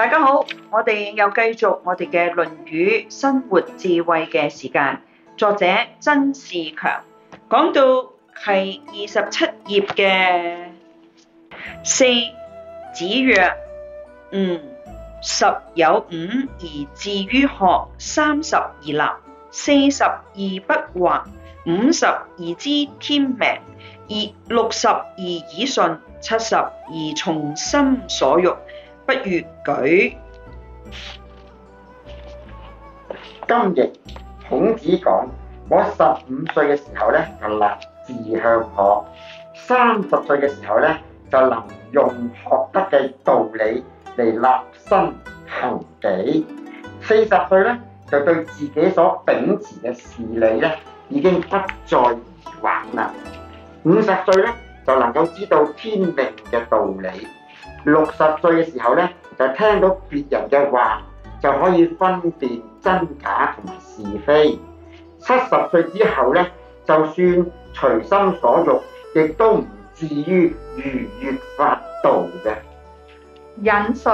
大家好，我哋又繼續我哋嘅《論語》生活智慧嘅時間，作者曾仕強講到係二十七頁嘅四子曰：嗯，十有五而志於學，三十而立，四十而不惑，五十而知天命，而六十而耳順，七十而從心所欲。不越矩。今日孔子講：我十五歲嘅時候咧就立志向學，三十歲嘅時候咧就能用學得嘅道理嚟立身行己，四十歲咧就對自己所秉持嘅事理咧已經不再疑惑啦。五十歲咧就能夠知道天命嘅道理。六十歲嘅時候咧，就聽到別人嘅話，就可以分辨真假同埋是非。七十歲以後咧，就算隨心所欲，亦都唔至於逾越法度嘅。引述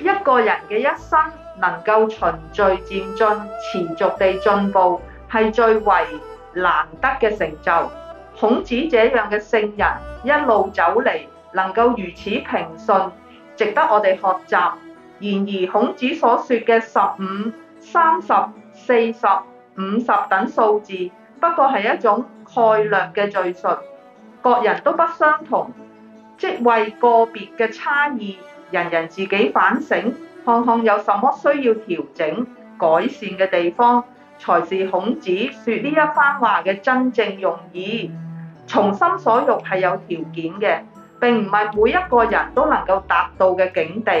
一個人嘅一生，能夠循序漸進、持續地進步，係最為難得嘅成就。孔子這樣嘅聖人，一路走嚟。能夠如此平順，值得我哋學習。然而孔子所說嘅十五、三十、四十、五十等數字，不過係一種概略嘅敘述，各人都不相同，即為個別嘅差異。人人自己反省，看看有什麼需要調整、改善嘅地方，才是孔子説呢一番話嘅真正用意。從心所欲係有條件嘅。並唔係每一個人都能夠達到嘅境地，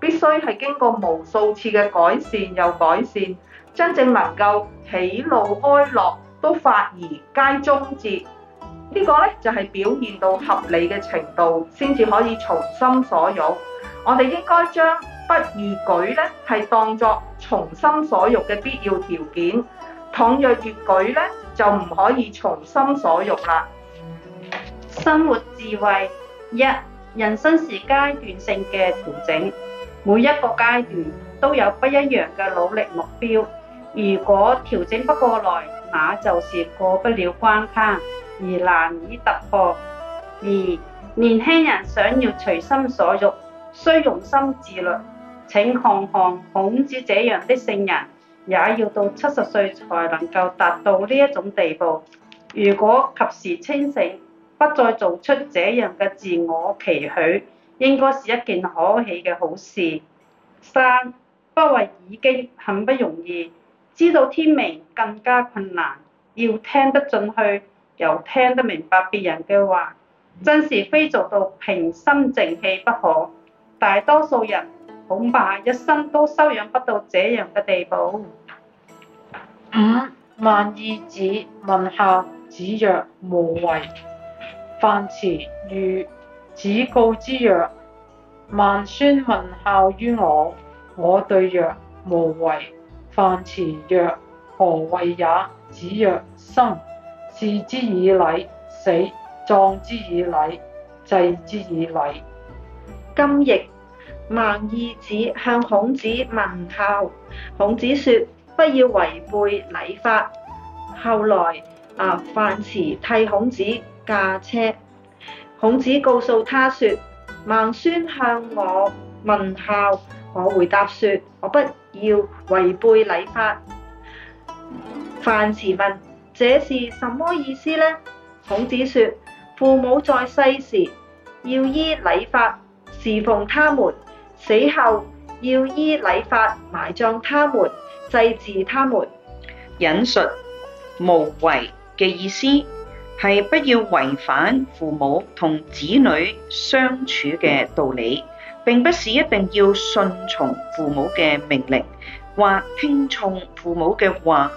必須係經過無數次嘅改善又改善，真正能夠喜怒哀樂都發而皆中節，這個、呢個咧就係、是、表現到合理嘅程度，先至可，可以從心所欲。我哋應該將不逾矩咧係當作從心所欲嘅必要條件，倘若越矩咧就唔可以從心所欲啦。生活智慧。一人生是階段性嘅調整，每一個階段都有不一樣嘅努力目標。如果調整不過來，那就是過不了關卡，而難以突破。二年輕人想要隨心所欲，需用心自律。請看看孔子這樣的聖人，也要到七十歲才能夠達到呢一種地步。如果及時清醒。不再做出這樣嘅自我期許，應該是一件可喜嘅好事。三、不為已經很不容易，知道天明更加困難，要聽得進去又聽得明白別人嘅話，真是非做到平心靜氣不可。大多數人恐怕一生都修養不到這樣嘅地步。五、嗯，孟懿子問孝，子曰：無違。樊遲御，子告之曰：孟孫問孝於我，我對曰：無違。樊遲曰：何謂也？子曰：生，事之以禮；死，葬之以禮；祭之以禮。今亦孟懿子向孔子問孝，孔子說：不要違背禮法。後來啊，樊遲替孔子。駕車，孔子告訴他說：孟孫向我問孝，我回答說：我不要違背禮法。樊遲問：這是什麼意思呢？孔子說：父母在世時，要依禮法侍奉他們；死後，要依禮法埋葬他們、祭祀他們。引述無違嘅意思。係不要違反父母同子女相處嘅道理，並不是一定要順從父母嘅命令或聽從父母嘅話。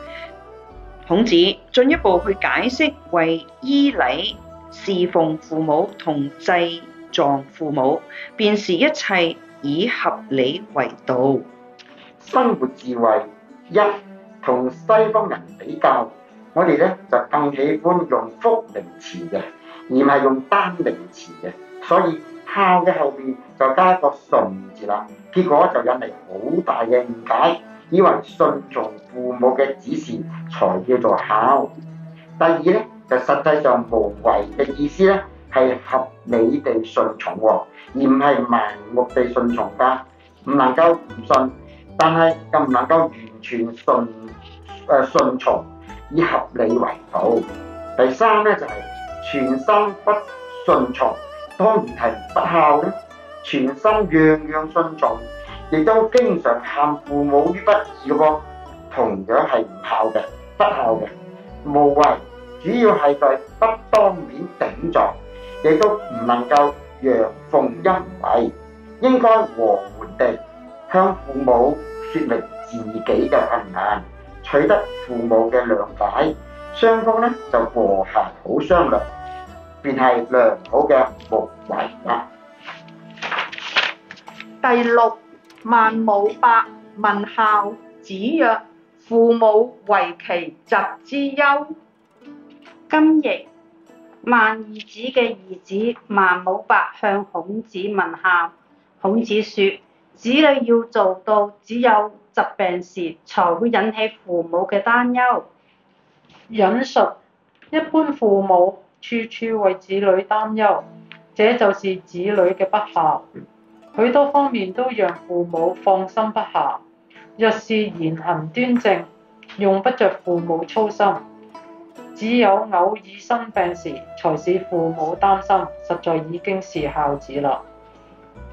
孔子進一步去解釋為依禮侍奉父母同祭葬父母，便是一切以合理為道。生活智慧一，同西方人比較。我哋咧就更喜歡用複名詞嘅，而唔係用單名詞嘅，所以孝嘅後面就加一個順字啦。結果就引嚟好大嘅誤解，以為順從父母嘅指示才叫做孝。第二咧，就實際上無違嘅意思咧，係合理地順從，而唔係盲目地順從㗎。唔能夠唔順，但係又唔能夠完全順，誒順從。以合理為度。第三咧就係、是，全心不順從，當然係不孝嘅。全心樣樣順從，亦都經常喊父母於不義嘅喎，同樣係唔孝嘅，不孝嘅無謂。主要係在不當面頂撞，亦都唔能夠陽奉陰違，應該和緩地向父母説明自己嘅困難。取得父母嘅諒解，雙方呢就和諧好商量，便係良好嘅服的啦。第六，孟武伯問孝，子曰：父母唯其疾之憂。今譯孟懿子嘅兒子孟武伯向孔子問孝，孔子說：子女要做到只有。疾病時才會引起父母嘅擔憂，引述一般父母處處為子女擔憂，這就是子女嘅不孝。許多方面都讓父母放心不下，若是言行端正，用不着父母操心。只有偶爾生病時，才使父母擔心，實在已經是孝子啦。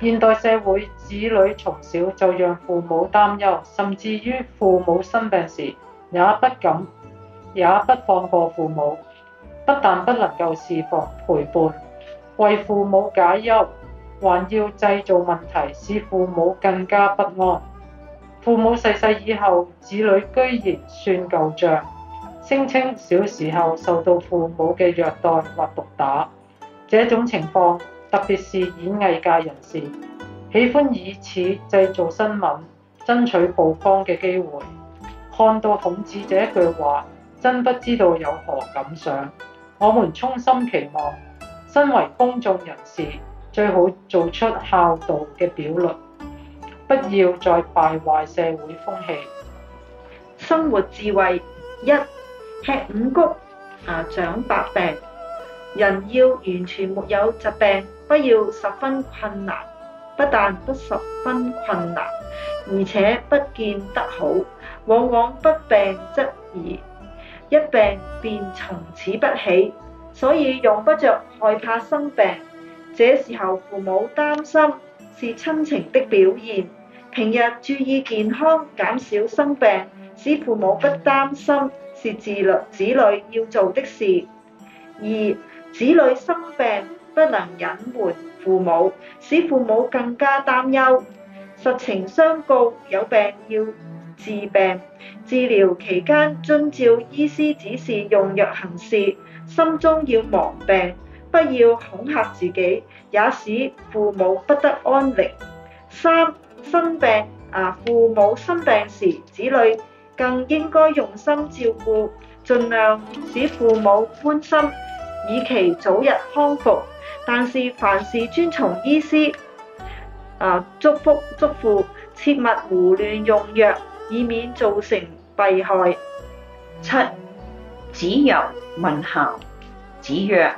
現代社會，子女從小就讓父母擔憂，甚至於父母生病時也不敢，也不放過父母。不但不能夠侍奉陪伴，為父母解憂，還要製造問題，使父母更加不安。父母逝世以後，子女居然算舊賬，聲稱小時候受到父母嘅虐待或毒打，這種情況。特別是演藝界人士，喜歡以此製造新聞、爭取曝光嘅機會。看到孔子這一句話，真不知道有何感想。我們衷心期望，身為公眾人士，最好做出孝道嘅表率，不要再敗壞社會風氣。生活智慧一：吃五穀，啊，長百病。人要完全沒有疾病，不要十分困難，不但不十分困難，而且不見得好，往往不病則已，一病便從此不起，所以用不着害怕生病。這時候父母擔心是親情的表現，平日注意健康，減少生病，使父母不擔心是自律子女要做的事。二。子女生病不能隱瞞父母，使父母更加擔憂。實情相告，有病要治病，治療期間遵照醫師指示用藥行事，心中要忘病，不要恐嚇自己，也使父母不得安寧。三生病啊，父母生病時，子女更應該用心照顧，盡量使父母寬心。以期早日康復，但是凡事遵從醫師，啊，祝福祝福，切勿胡亂用藥，以免造成弊害。七子游問孝，子曰：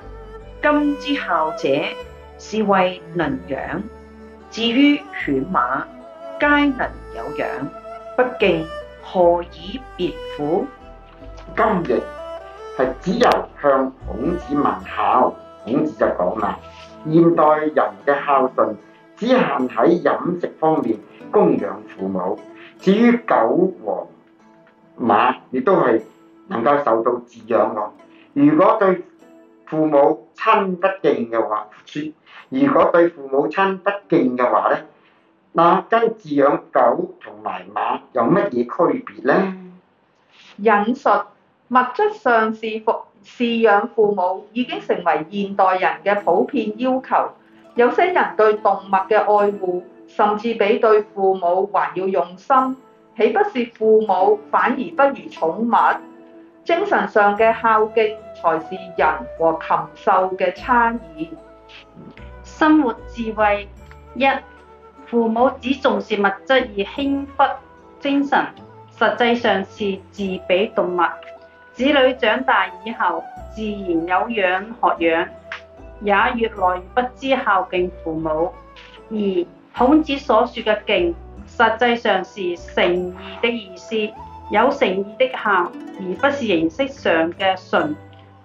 今之孝者，是謂能養；至於犬馬，皆能有養，不敬，何以別乎？今日。係子游向孔子問孝，孔子就講啦：現代人嘅孝順只限喺飲食方面供養父母，至於狗和馬，亦都係能夠受到飼養喎。如果對父母親不敬嘅話，說如果對父母親不敬嘅話呢，那跟飼養狗同埋馬有乜嘢區別呢？飲食。物質上是服飼養父母已經成為現代人嘅普遍要求，有些人對動物嘅愛護甚至比對父母還要用心，豈不是父母反而不如寵物？精神上嘅孝敬，才是人和禽獸嘅差異。生活智慧一，父母只重視物質而輕忽精神，實際上是自比動物。子女長大以後，自然有樣學樣，也越來越不知孝敬父母。而孔子所説嘅敬，實際上是誠意的意思，有誠意的孝，而不是形式上嘅純。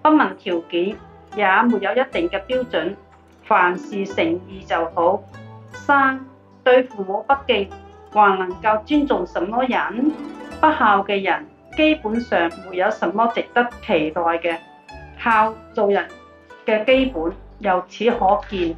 不問條件，也沒有一定嘅標準，凡事誠意就好。三，對父母不敬，還能夠尊重什麼人？不孝嘅人。基本上沒有什麼值得期待嘅，靠做人嘅基本，由此可見。